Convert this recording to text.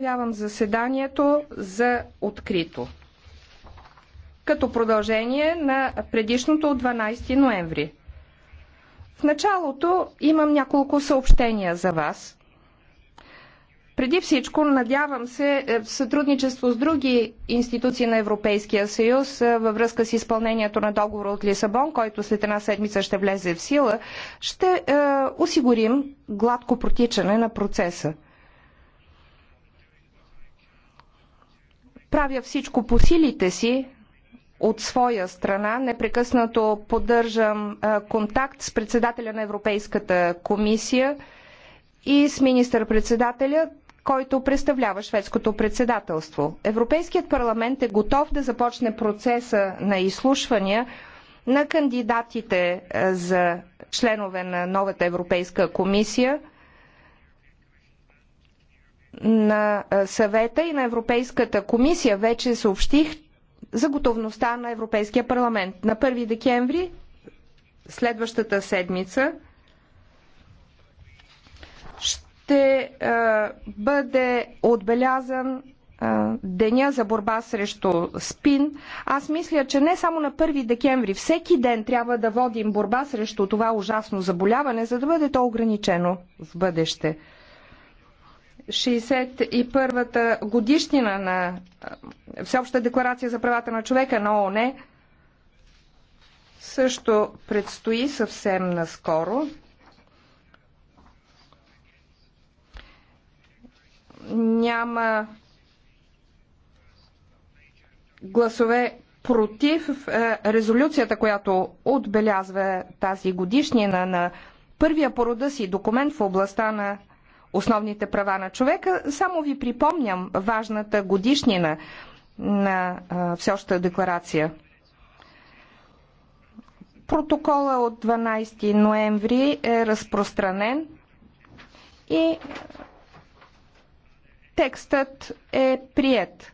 Обявявам заседанието за открито. Като продължение на предишното от 12 ноември. В началото имам няколко съобщения за вас. Преди всичко, надявам се, е, в сътрудничество с други институции на Европейския съюз е, във връзка с изпълнението на договора от Лисабон, който след една седмица ще влезе в сила, ще е, осигурим гладко протичане на процеса. правя всичко по силите си от своя страна. Непрекъснато поддържам контакт с председателя на Европейската комисия и с министър-председателя, който представлява шведското председателство. Европейският парламент е готов да започне процеса на изслушвания на кандидатите за членове на новата Европейска комисия – на съвета и на Европейската комисия вече съобщих за готовността на Европейския парламент. На 1 декември, следващата седмица, ще бъде отбелязан Деня за борба срещу спин. Аз мисля, че не само на 1 декември, всеки ден трябва да водим борба срещу това ужасно заболяване, за да бъде то ограничено в бъдеще. 61-та годишнина на Всеобща декларация за правата на човека на ООН също предстои съвсем наскоро. Няма гласове против резолюцията, която отбелязва тази годишнина на първия порода си документ в областта на основните права на човека. Само ви припомням важната годишнина на всеобща декларация. Протокола от 12 ноември е разпространен и текстът е прият.